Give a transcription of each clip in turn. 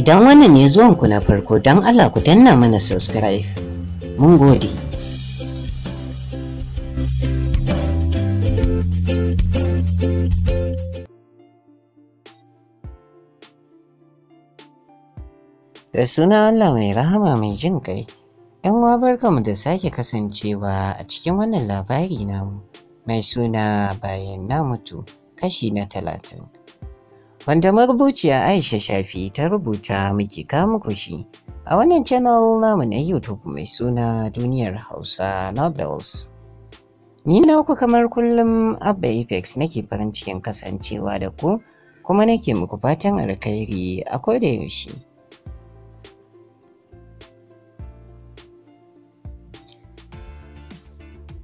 Idan wannan ne zuwan kula farko don Allah ku danna mana subscribe. Mun gode. Da suna Allah mai rahama mai jin kai, ‘yan uwa barkamu da sake kasancewa a cikin wannan labari namu mai suna bayan na mutu kashi na talatin. wanda marubuciya Aisha Shafi ta rubuta muke kamuku muku shi a wannan channel namu na YouTube mai suna Duniyar Hausa Novels. Ni na ku kamar kullum Abba Apex nake farin cikin kasancewa da ku kuma nake muku fatan alkhairi a koda yaushe.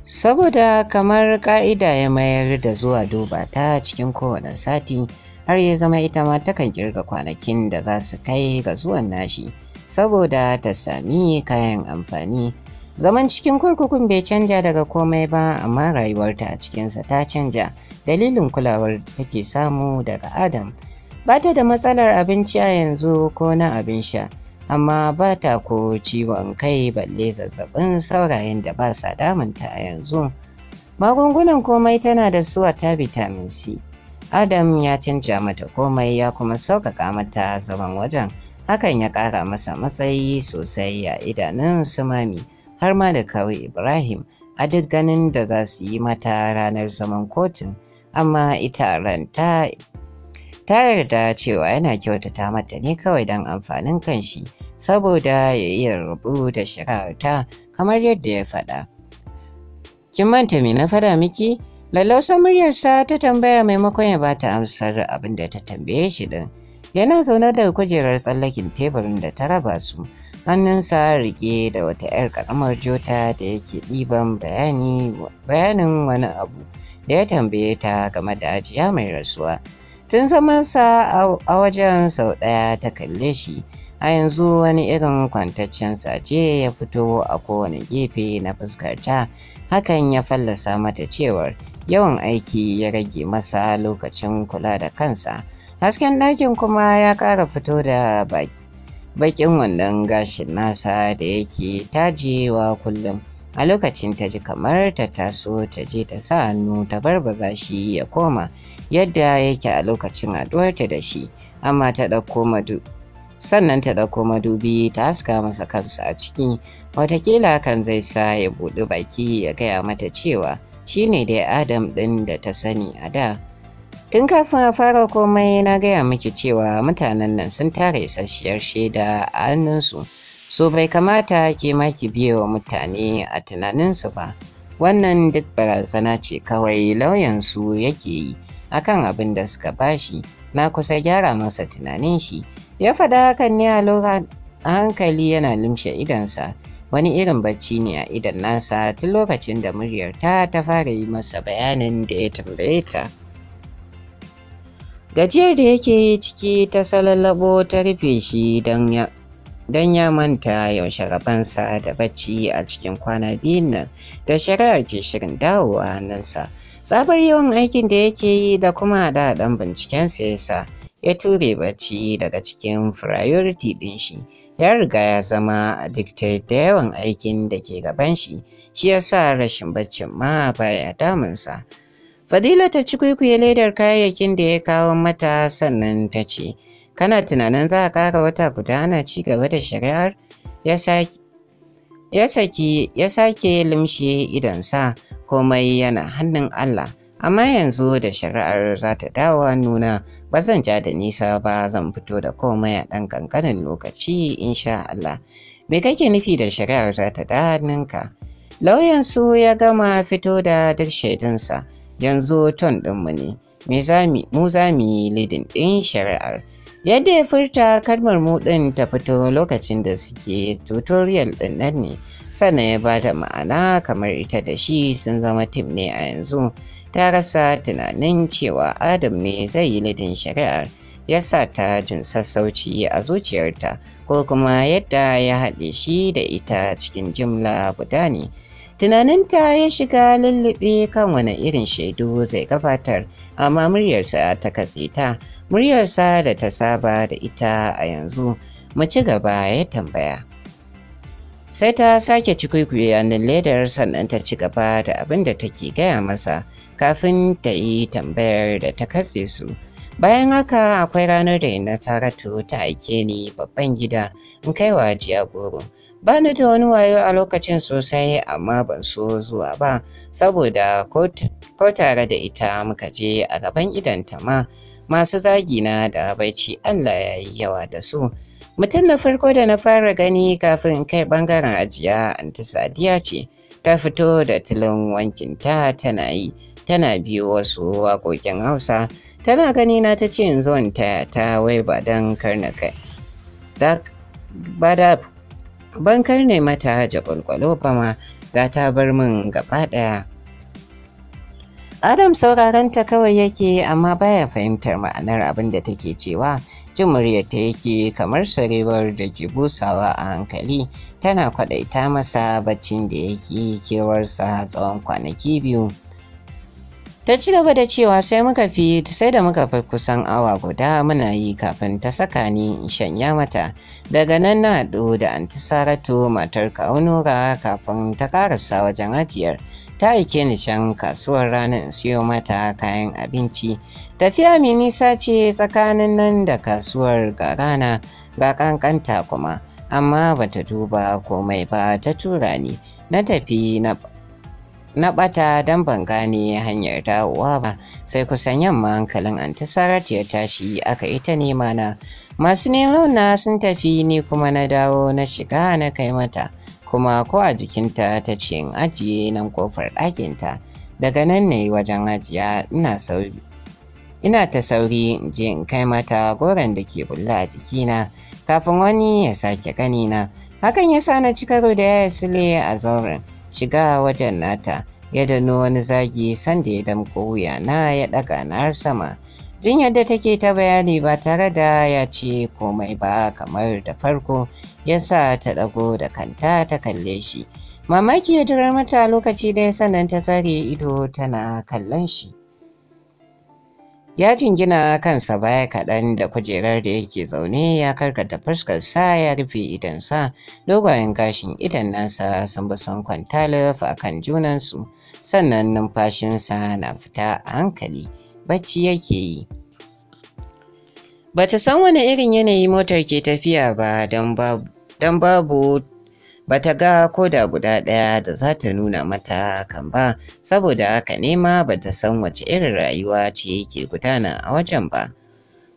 Saboda kamar ka'ida ya mayar da zuwa duba ta cikin kowane sati har ya zama ita ma takan kirga kwanakin da za su kai ga zuwan nashi saboda ta sami kayan amfani zaman cikin kurkukun bai canja daga komai ba amma rayuwarta a cikinsa ta canja dalilin kulawar da take samu daga adam ba ta da matsalar abinci a yanzu ko na abin sha amma ba ta ko ciwon kai balle zazzabin saurayin da ba sa damunta a yanzu magungunan komai tana da su ta vitamin c Adam ya canja mata komai ya kuma sauƙaƙa mata zaman wajen. Hakan ya ƙara masa matsayi sosai a idanun su har ma da kawo Ibrahim a duk ganin da za su yi mata ranar zaman kotun. Amma ita ranta ta yarda cewa yana kyautata mata ne kawai don amfanin kanshi saboda ya iya rubu da shirarta kamar yadda ya faɗa. Kin manta me na faɗa miki? Lallausar muryarsa ta tambaya maimakon ya bata amsar abin da ta tambaye shi din. Yana zaune daga kujerar tsallakin teburin da ta raba su, hannunsa rike da wata 'yar karamar jota da yake ɗiban bayanin wani abu da ya tambaye ta game da ajiya mai rasuwa. Tun zamansa a wajen sau ɗaya ta kalle shi, a yanzu wani irin kwantaccen sace ya fito a kowane gefe na fuskarta, hakan ya fallasa mata cewar yawan aiki ya rage masa lokacin kula da kansa hasken ɗakin kuma ya ƙara fito da baƙin wannan gashin nasa da yake tajewa kullum a lokacin ta ji kamar ta taso ta je ta sa hannu ta barbaza shi ya koma yadda yake a lokacin aduwarta da shi amma ta ɗauko madu sannan ta ɗauko madubi ta haska masa kansa a ciki watakila kan zai sa ya buɗi baki ya gaya mata cewa shi ne dai Adam ɗin da ta sani a da. Tun kafin a fara komai na gaya miki cewa mutanen nan sun tare isasshiyar shaida a hannunsu, so bai kamata ke maki ki wa mutane a tunaninsu ba. Wannan duk barazana ce kawai lauyansu yake yi a kan abin da suka bashi, na kusa gyara masa tunanin shi. Ya faɗa hakan ne a hankali yana limshe idonsa wani irin bacci ne a idan nasa tun lokacin da muryarta ta fara yi masa bayanin da ya tambaye ta gajiyar da yake ciki ta salallabo ta rufe shi don ya manta yaushe rabansa da bacci a cikin kwana biyun nan da shari'ar ke shirin dawowa nansa tsabar yawan aikin da yake yi da kuma da bincikensa, binciken sa ya ture bacci daga cikin firayoriti ɗin shi ya riga ya zama addicted da yawan aikin da ke gaban shi shi ya sa rashin baccin ma baya damunsa fadila ta ci kwaikwaye ledar kayayyakin da ya kawo mata sannan ta ce kana tunanin za a kara wata guda ana ci gaba da shari'ar ya sake limshe sa komai yana hannun allah amma yanzu da shari'ar za ta dawo nuna ba zan ja da nisa ba zan fito da komai a ɗan ƙanƙanin lokaci insha Allah. Me kake nufi da shari'ar za ta da Lauyan su ya gama fito da duk shaidunsa, yanzu ton ɗinmu ne, mu za mu yi lidin ɗin shari'ar. Yadda ya furta kalmar mu ɗin ta fito lokacin da suke tutorial ɗin nan ne, sannan ya ba da ma'ana kamar ita da shi sun zama tim ne a yanzu. ta rasa tunanin cewa Adam ne zai yi nitin shari'ar ya sa ta jin sassauci a zuciyarta ko kuma yadda ya haɗe shi da ita cikin jimla guda ne. Tunaninta ya shiga lullube kan wani irin shaidu zai gabatar, amma muryarsa ta katse ta, muryarsa da ta saba da ita a yanzu, mu ci gaba ya tambaya. sai ta sake cikuikuye da ledar sannan ta ci gaba da abin da take gaya masa kafin ta yi tambayar da ta katse su. Bayan haka akwai ranar da na taratu ta aike ni babban gida in kai wa jiya goro. Ba ni da wani wayo a lokacin sosai amma ban so zuwa ba saboda ko tare da ita muka je a gaban idanta ma masu zagina da baici Allah ya yi yawa da su. mutum na farko da na fara gani kafin kai bangaren ajiya ta sadiya ce ta fito da tilin wankinta tana yi tana biyo wasu waƙoƙin hausa tana gani na ta ce in zo ta ta wai ba don karna kai ba da ban karne mata jakwalkwalo ba ma za ta bar min gaba ɗaya Adam sauraron ta kawai yake amma baya fahimtar ma'anar abin da take cewa jin ta yake kamar sarewar da ke busawa a hankali tana kwadaita masa baccin da yake kewarsa tsawon kwanaki biyu. Ta ci gaba da cewa sai muka fi sai da muka fi kusan awa guda muna yi kafin ta saka ni in shanya mata. Daga nan na haɗu da anti Saratu matar Kaunura kafin ta karasa wajen ajiyar. ta aike ni can kasuwar ranar in siyo mata kayan abinci tafiya mai nisa ce tsakanin nan da kasuwar ga rana ga kankanta kuma amma bata duba komai ba ta tura ni na tafi na na bata don ban gane hanyar dawowa ba sai kusan yamma hankalin antisarat ya tashi aka ita nema na masu neman na sun tafi ni kuma na dawo na shiga na kai mata kuma ko a jikinta ta ce in ajiye nan kofar ɗakinta daga nan ne wajen ajiya ina sauri ina ta sauri in je in kai mata goron da ke bulla a jikina kafin wani ya sake ganina hakan ya sa na ci da ya sule a zauren shiga wajen nata ya dano wani zagi sanda ya damko wuya na ya ɗaga na har sama jin yadda take ta bayani ba tare da ya ce komai ba kamar da farko ya sa ta ɗago da kanta ta kalle shi. Mamaki ya durar mata lokaci ɗaya sannan ta tsare ido tana kallon shi. Ya jingina kansa baya kaɗan da kujerar da yake zaune ya karkata fuskarsa ya rufe idan sa dogayen gashin idan nasa sun bi sun kwantalif a kan junansu sannan numfashinsa na fita a hankali bacci yake yi. Bata san wani irin yanayi motar ke tafiya ba don babu don babu bata ga koda guda ɗaya da za ta nuna mata kan ba saboda haka nema bata san wace irin rayuwa ce ke gudana a wajen ba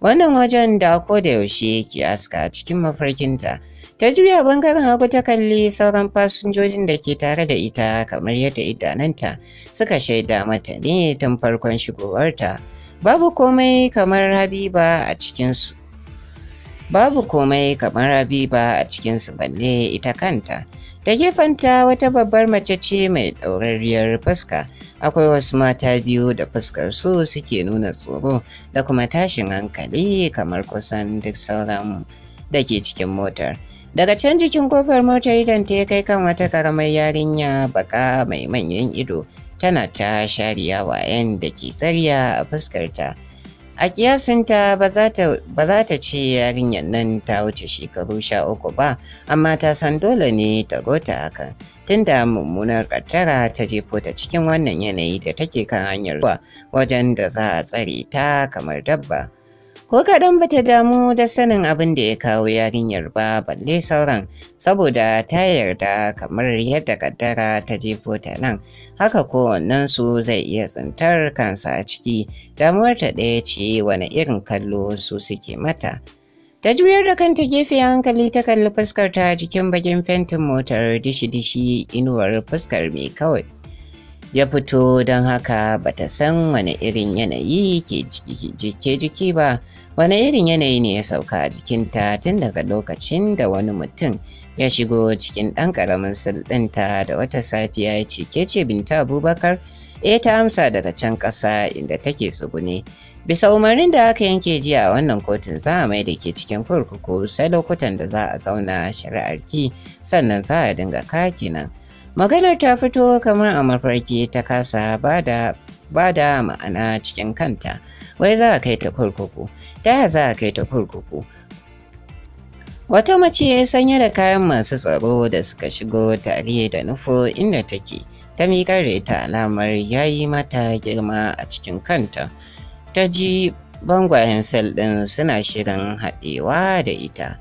wannan wajen da ko da yaushe ke aska cikin mafarkinta ta juya bangaren hagu ta kalli sauran fasinjojin da ke tare da ita kamar yadda idananta suka shaida mata ne tun farkon shigowarta babu komai kamar habiba a cikinsu babu komai kamar Habiba a cikinsu balle ita kanta. Ta gefenta wata babbar mace ce mai ɗaurariyar fuska, akwai wasu mata biyu da fuskar su suke nuna tsoro da kuma tashin hankali kamar kusan duk sauran da ke cikin motar. Daga can jikin kofar motar idan ta kai kan wata karamar yarinya baka mai manyan ido tana ta shariya wayan da ke tsariya a fuskarta. a kiyasinta ba za ta ce yarinyar nan ta wuce shekaru sha uku ba amma ta san dole ne ta gota hakan tunda mummunar kattara ta jefo ta cikin wannan yanayi da take kan hanyar zuwa wajen da za a tsare ta kamar dabba ko kaɗan ba ta damu da sanin abin da ya kawo yarinyar ba balle sauran saboda ta yarda kamar yadda kaddara ta jefo ta nan haka ko kowannen su zai iya tsintar kansa a ciki damuwar ta ɗaya ce wani irin kallo su suke mata ta juyar da kanta gefe hankali ta kalli fuskar ta jikin bakin fentin motar dishi-dishi inuwar fuskar mai kawai ya fito don haka ba ta san wani irin yanayi ke jiki ba wani irin yanayi ne ya sauka a jikinta tun daga lokacin da wani mutum ya shigo cikin ɗan ƙaramin sulɗinta da wata safiya ya ce ke ce binta abubakar e ta amsa daga can ƙasa inda take tsugune bisa umarnin da aka yanke jiya a wannan kotun za a mai da ke cikin kurkuku sai lokutan da za a zauna shari'arki sannan za a dinga kakinan Maganar ta fito kamar a mafarki ta kasa ba da ma'ana cikin kanta, wai za a kai ta kurkuku, ta za a kai ta kurkuku. Wata mace sanye da kayan masu tsaro da suka shigo tare da nufo inda take, ta miƙar da ta alamar ya yi mata girma a cikin kanta. Ta ji bangwayen sel ɗin suna shirin haɗewa da ita.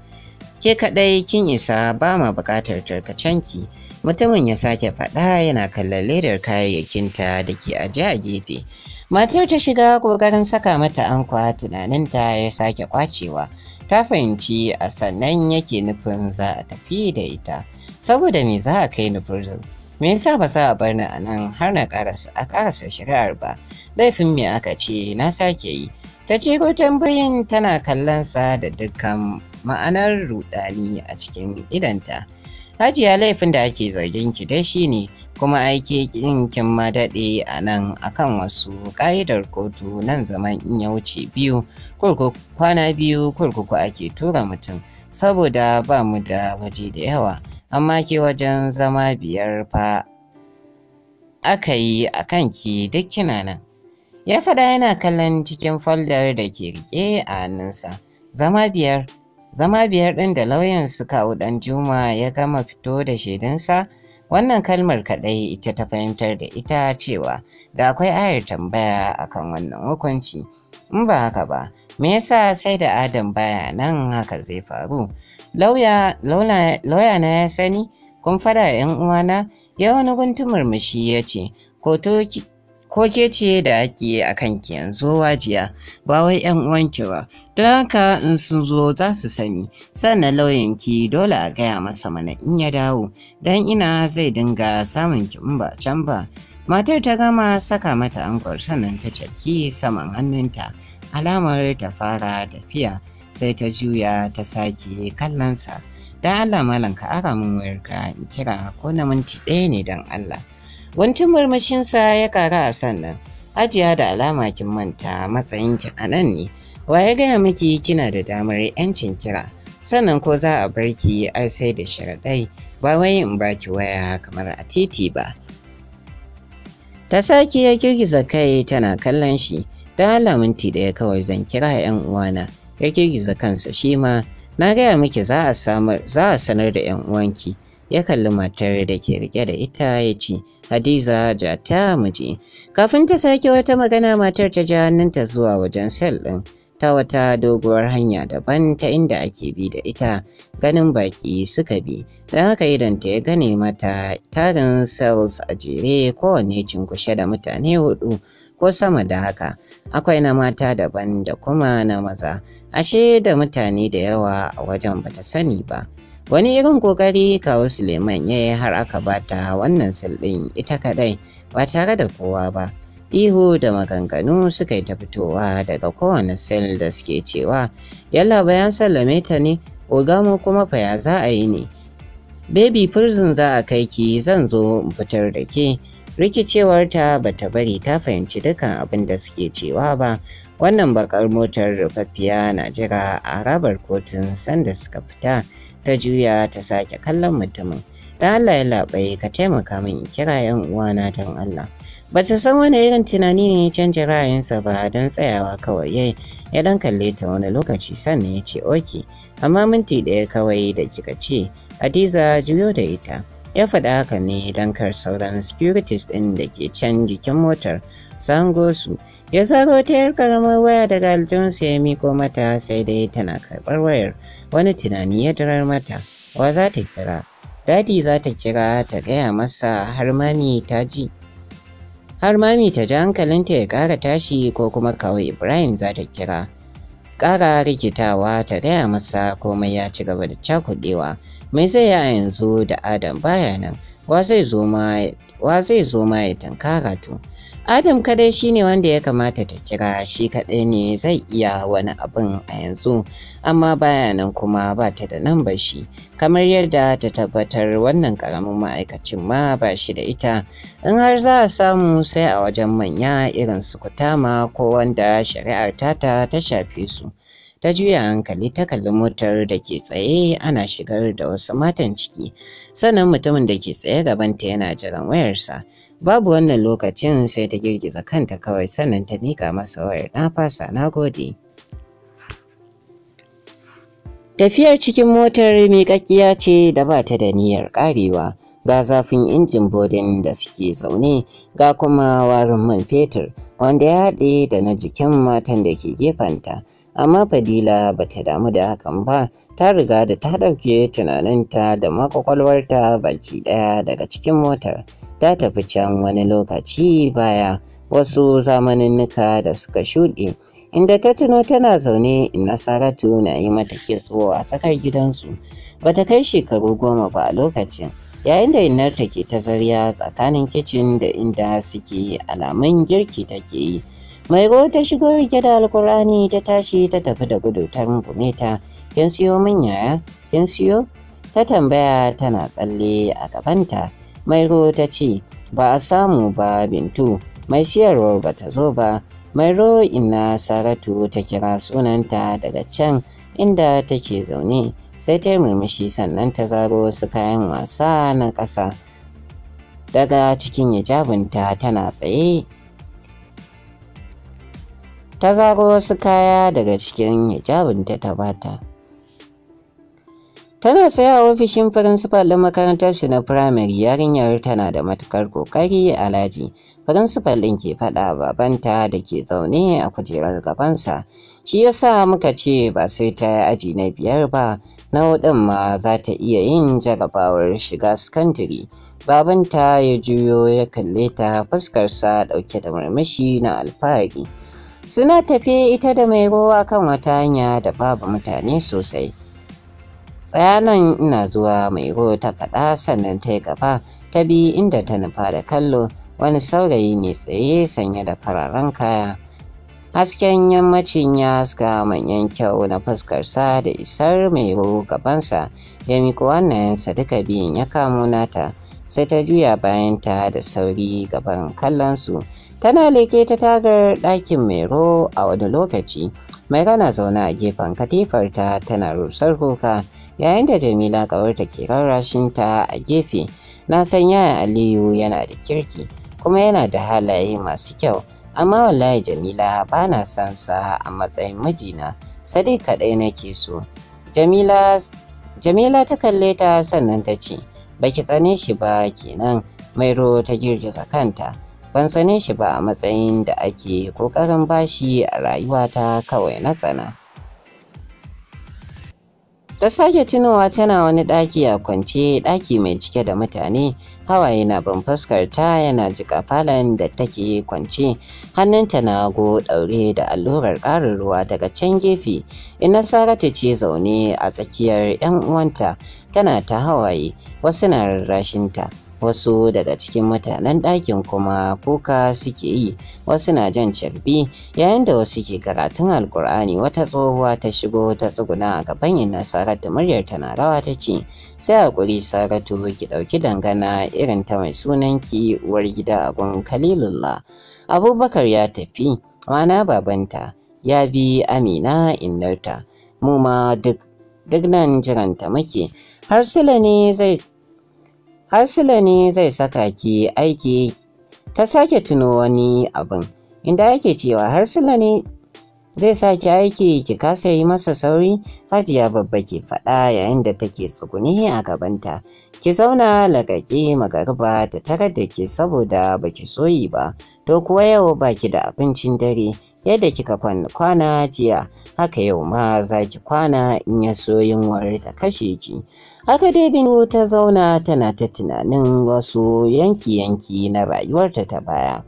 Ke kaɗai kin isa ba ma buƙatar tarkacenki. Mutumin ya sake faɗa yana kallon ledar ta da ke aje a gefe. Matar ta shiga ƙoƙarin saka mata ankwa tunaninta ya sake kwacewa. Ta fahimci a sannan yake nufin za a tafi da ita. Saboda me za a kai ni prison? Me yasa ba za a bar ni anan har na karasa a karasa shari'ar ba? Laifin me aka ce na sake yi? Ta ce ko tambayin tana kallon sa da dukkan ma'anar rudani a cikin idanta. Hajiya laifin da ake zargin ki dai ne, kuma aiki kin kin ma daɗe a nan akan wasu ƙa'idar kotu nan zaman in ya wuce biyu kurkuku kwana biyu kurkuku ake tura mutum saboda ba mu da waje da yawa amma ke wajen zama biyar fa aka yi a kanki duk kina nan ya faɗa yana kallon cikin foldar da ke riƙe a hannunsa zama biyar Zama biyar ɗin da lauyan su kawo ɗan Juma ya gama fito da shaidansa wannan kalmar kaɗai ita ta fahimtar da ita cewa da akwai ayar tambaya akan wannan hukunci. In ba haka ba, me yasa sai da Adam baya nan haka zai faru? Lauya, na ya sani, kun fada ‘yan uwana, ya wani guntun murmushi ya ce, ko ke ce da ake a kan kanki yanzu wajiya ba wai yan ki ba don haka in sun zo za su sani sannan ki dole a gaya masa mana in ya dawo don ina zai dinga samun ki in ba can ba matar ta gama saka mata ankwar sannan ta carki saman hannunta alamar ta fara tafiya sai ta juya ta sake kallonsa don allah malam ka ara min wayarka in kira ko na minti ɗaya ne don allah Guntun murmushinsa ya ƙara a sannan. ajiya da alama kin manta matsayinki a nan ne. Wa ya gaya miki kina da damar 'yancin kira. Sannan ko za a bar ki ai sai da sharaɗai ba wai in baki waya kamar a titi ba. Ta sake ya girgiza kai tana kallon shi. Da alaminti ɗaya kawai zan kira 'yan uwana. Ya girgiza kansa shi ma na gaya miki za a sanar da 'yan uwanki. ya kalli matar da ke rike da ita ya ce hadiza ja ta muje kafin ta sake wata magana matar ta ja hannunta zuwa wajen sel ɗin ta wata doguwar hanya daban ta inda ake bi da ita ganin baki suka bi don haka idan ta ya gane mata tarin cells a jere kowanne cinkushe da mutane hudu ko sama da haka akwai na mata daban da kuma na maza ashe da mutane da yawa a wajen bata sani ba Wani irin kokari kawo Suleiman ya yi har aka bata wannan sulɗin ita kaɗai, ba tare da kowa ba. Ihu da maganganu suka yi ta fitowa daga kowane sel da suke cewa yalla bayan sallame ta ne ogamo kuma fa ya za a yi ne. Baby prison za a kai ki zan zo in fitar da ke. Rikicewarta ba ta bari ta fahimci dukan abin da suke cewa ba. Wannan bakar motar rufaffiya na jira a rabar kotun sanda suka fita. ta juya ta sake kallon mutumin. Da Allah ya labaye ka taimaka min in kira yan uwana don Allah. Ba ta san wani irin tunani ne ya canja ra'ayinsa ba don tsayawa kawai yai ya dan kalle ta wani lokaci sannan ya ce oke amma minti ɗaya kawai da kika ce adiza juyo da ita. ya faɗa haka ne don kar sauran securities ɗin da ke can jikin motar su su ya zaro ta yar karamar waya daga aljihunsa ya miko mata sai dai tana karɓar wayar wani tunani ya durar mata wa za ta kira dadi za ta kira ta gaya masa har mami ta ji har mami ta ji hankalinta ya ƙara tashi ko kuma kawai ibrahim za ta kira ƙara rikitawa ta gaya masa komai ya ci gaba da cakuɗewa mai zai ya yanzu da adam baya nan wa zai zo ma ya tankara to Adam kadai shine wanda ya kamata ta kira shi kadai ne zai iya wani abin a yanzu amma baya nan kuma ba ta da nan ba shi kamar yadda ta tabbatar wannan karamin ma'aikacin ma ba shi da ita in har za a samu sai a wajen manya irin su kutama ko wanda shari'ar tata ta shafe su ta juya hankali ta kalli motar da ke tsaye ana shigar da wasu matan ciki sannan mutumin da ke tsaye gabanta yana jiran wayarsa Babu wannan lokacin sai ta girgiza kanta kawai sannan ta mika masa wayar na fasa na gode. Tafiyar cikin motar miƙaƙƙiya ce da ba ta da niyyar ƙarewa. ga zafin injin bodin da suke zaune ga kuma warin man fetur wanda ya haɗe da na jikin matan da ke gefenta amma fadila ba ta damu da hakan ba ta riga da ta ɗauke tunaninta da makwakwalwarta baki ɗaya daga cikin motar ta tafi can wani lokaci baya wasu zamaninnika da suka shuɗe inda ta tuno tana zaune nasaratu na yi mata kitso a tsakar gidansu bata kai shekaru goma ba a lokacin yayin da innarta ke ta zarya tsakanin kicin da inda suke alamun girki take yi mai ruwa ta shigo rike da alkurani ta tashi ta tafi da gudu ta rungume ta kin siyo min yaya kin siyo ta tambaya tana tsalle a gabanta Mairo ta ce, Ba a samu ba Bintu, mai siyarwar ba ta zo ba. Mairo ina Saratu ta kira sunanta daga can inda take zaune, sai ta murmushi sannan ta zaro su kayan wasa na ƙasa. Daga cikin hijabinta tana tsaye. Ta zaro su kaya daga cikin hijabinta ta bata. Tana tsaye a ofishin firinsifal ɗin makarantar shi na firamare yarinyar tana da matukar kokari alaji. Firinsifal ɗin ke faɗa babanta da ke zaune a kujerar gabansa. Shi yasa muka ce ba sai ta yi aji na biyar ba, na huɗun ma za ta iya yin jarabawar shiga sakandare. Babanta ya juyo ya kalle ta fuskarsa ɗauke da murmushi na alfahari. Suna tafe ita da mai ruwa kan wata hanya da babu mutane sosai. tsayanan nan ina zuwa mai ta faɗa sannan ta yi gaba ta bi inda ta nufa da kallo wani saurayi ne tsaye sanye da fararen kaya hasken yammacin ya haska manyan kyau na fuskar sa da isar mai gabansa ya miko hannayensa duka biyun ya kamo nata sai ta juya bayan ta da sauri gaban kallonsu tana leke ta tagar ɗakin ro a wani lokaci mai rana zaune a gefen katifar ta tana rusar kuka yayin da Jamila ƙawarta ke ta a gefe na san yaya Aliyu yana da kirki kuma yana da halaye masu kyau amma wallahi Jamila ba na son sa a matsayin mijina Sadiq kaɗai nake so Jamila ta kalle ta sannan ta ce baki tsane shi ba kenan Mairo ta girgiza kanta ban tsane shi ba a matsayin da ake kokarin bashi a rayuwata kawai na tsana. ta sake tunowa tana wani ɗaki a kwance ɗaki mai cike da mutane hawaye na ban fuskar ta yana jika falon da take kwance hannunta na goɗaure daure da allurar ƙarin ruwa daga can gefe ina saratu ce zaune a tsakiyar 'yan uwanta tana ta hawaye wasu na rarrashinta wasu daga cikin mutanen ɗakin kuma kuka suke yi wasu na jan carbi yayin da wasu ke karatun alkur'ani wata tsohuwa ta shigo ta tsuguna a gaban yin saratu muryar na rawa ta ce sai a kuri saratu ki ɗauki dangana irin ta mai sunan ki uwar gida a gun kalilullah abubakar ya tafi mana babanta ya bi amina innarta mu ma duk nan jiranta muke har sila ne zai harsila ne zai saka ki aiki ta sake tuno wani abin inda yake cewa harsila ne zai sa ki aiki ki kasa yi masa sauri hajiya babba ke faɗa yayin da take tsuguni a gabanta ki zauna lagaki magariba ta tarar da ke saboda baki soyi ba to kuwa yau baki da abincin dare yadda kika kwana jiya haka yau ma za ki kwana in ya so wari ta kashe ki Haka dai Binu ta zauna tana ta tunanin wasu yanki-yanki na rayuwarta ta baya.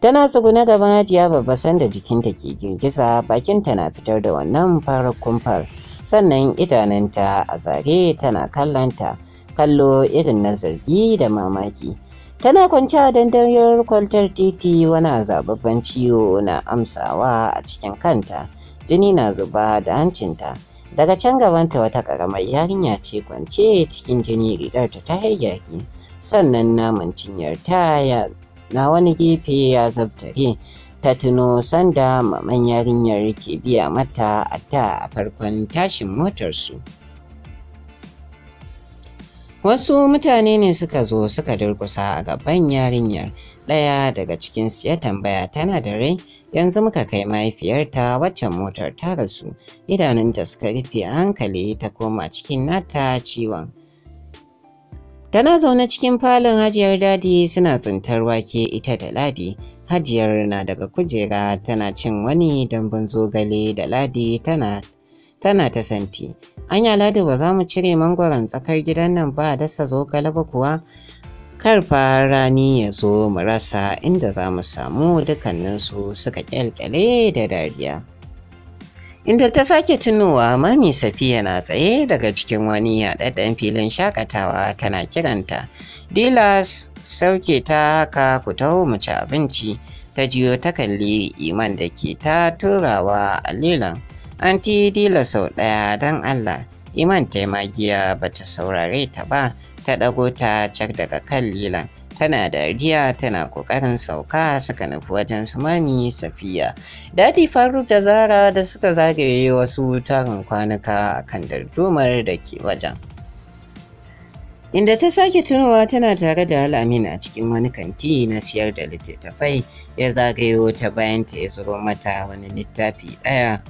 Tana na gaban hajiya babba sanda jikinta ke girgiza bakinta na fitar da wannan farar kumfar sannan idanunta a zare tana kallanta kallo irin na zargi da mamaki. Tana kwanci a dandaryar kwaltar titi wani zababban ciwo na amsawa a cikin kanta jini na zuba da hancinta. daga can gabanta wata karamar yarinya ce kwance cikin jini rigar ta hayyaki sannan naman cinyar ta na wani gefe ya zabtare ta tuno sanda maman yarinyar ke biya mata a ta a farkon tashin motarsu. Wasu mutane ne suka zo suka durkusa a gaban yarinyar ɗaya daga cikin su ya tambaya tana da rai yanzu muka kai mahaifiyarta waccan motar ta rasu idanunta suka rufe a hankali ta koma cikin nata ciwon tana zaune cikin falon hajiyar dadi suna tsintar wake ita da ladi hajiyar na daga kujera tana cin wani dambun zogale da ladi tana tana ta santi anya ladi ba za mu cire mangwaron tsakar gidan nan ba dasa zogale ba kuwa kar fa rani ya zo mu rasa inda za mu samu dukkaninsu suka kyalkyale da dariya. Inda ta sake tunowa mami Safiya na tsaye daga cikin wani yaɗaɗɗen filin shakatawa tana kiranta. Dilas sauke ta haka ku taho mu ci abinci ta jiyo ta kalli iman da ke ta turawa a lilan. Anti Dilas sau ɗaya don Allah, iman taimagiya ba ta saurare ta ba. ta ɗago ta cak daga kan lilan. Tana dariya tana ƙoƙarin sauka suka nufi wajen su mami safiya. Dadi Faruk da Zara da suka zagaye wasu tarin kwanuka a kan dardumar da ke wajen. Inda ta sake tunowa tana tare da Al'amin a cikin wani kanti na siyar da littattafai ya zagayo ta bayan ta ya zuro mata wani littafi ɗaya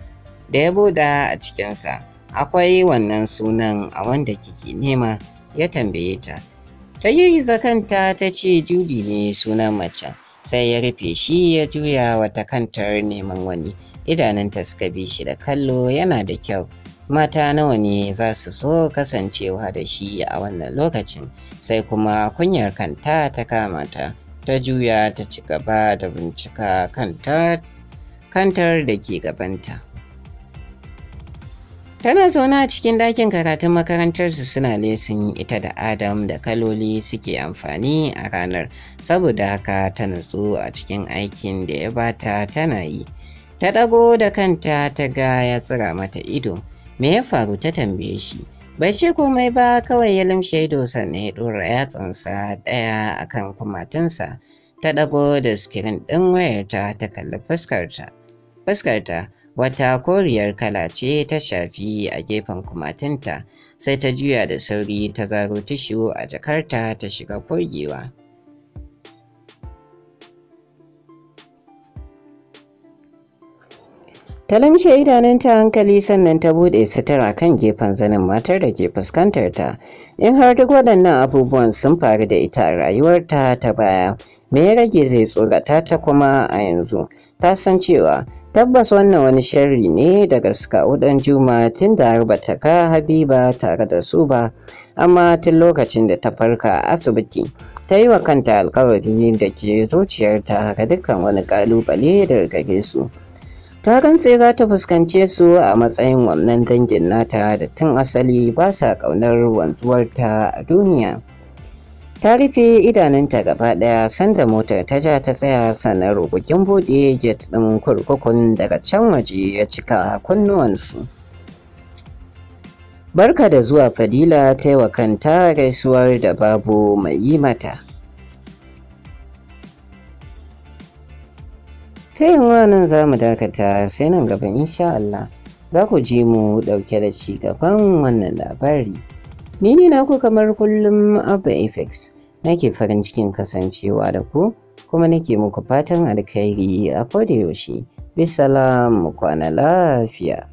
da ya buɗa a cikinsa. Akwai wannan sunan a wanda kike nema ya tambaye ta. Ta yi kanta ta ce Judy ne sunan mace. sai ya rufe shi ya juya wata kantar neman wani. Idanunta suka bi shi da kallo yana da kyau. Mata nawa ne za su so kasancewa da shi a wannan lokacin, sai kuma kunyar kanta ta kama ta. Ta juya ta ci gaba da bincika kantar da ke gabanta. Tana zaune a cikin dakin karatun makarantarsu suna lesin ita da Adam da kaloli suke amfani a ranar, saboda haka ta natsu a cikin aikin da ya bata tana yi. Ta ɗago da kanta ta ga ya tsira mata ido, me ya faru ta tambaye shi. Bai ce komai ba kawai ya limshe ido sannan ya ɗora yatsansa ɗaya akan kumatunsa. Ta ɗago da sikirin ɗin wayarta ta kalli fuskarta. Fuskarta. wata koriyar kala ce ta shafi a gefen kumatinta sai ta juya da sauri ta zaro tishiyo a jakarta ta shiga kogewa. ta lamshe ta hankali sannan ta buɗe sutura kan gefen zanen matar da ke fuskantar ta in har duk waɗannan abubuwan sun faru da ita a rayuwarta ta baya me ya rage zai tsorata ta kuma a yanzu ta san cewa tabbas wannan wani sharri ne daga suka udan juma tun da har bata ka habiba tare da su ba amma tun lokacin da ta farka a asibiti ta yi wa kanta alkawari da ke zuciyarta ga dukkan wani ƙalubale daga gare su ta sai za ta fuskance su a matsayin wannan dangin nata da tun asali ba sa ƙaunar wanzuwarta a duniya ta rufe idanunta gaba ɗaya sanda motar ta ja ta tsaya sanar rubugin buɗe jet ɗin kurkukun daga can waje ya cika kunnuwansu barka da zuwa fadila ta yi wa kanta gaisuwar da babu mai yi mata ta yin nan za mu dakata sai nan gaba insha Allah za ku ji mu ɗauke da ci gaban wannan labari. Ni ne naku kamar kullum Abba Apex nake farin cikin kasancewa da ku kuma nake muku fatan alkhairi a kodayaushe. Bisalam kwana lafiya.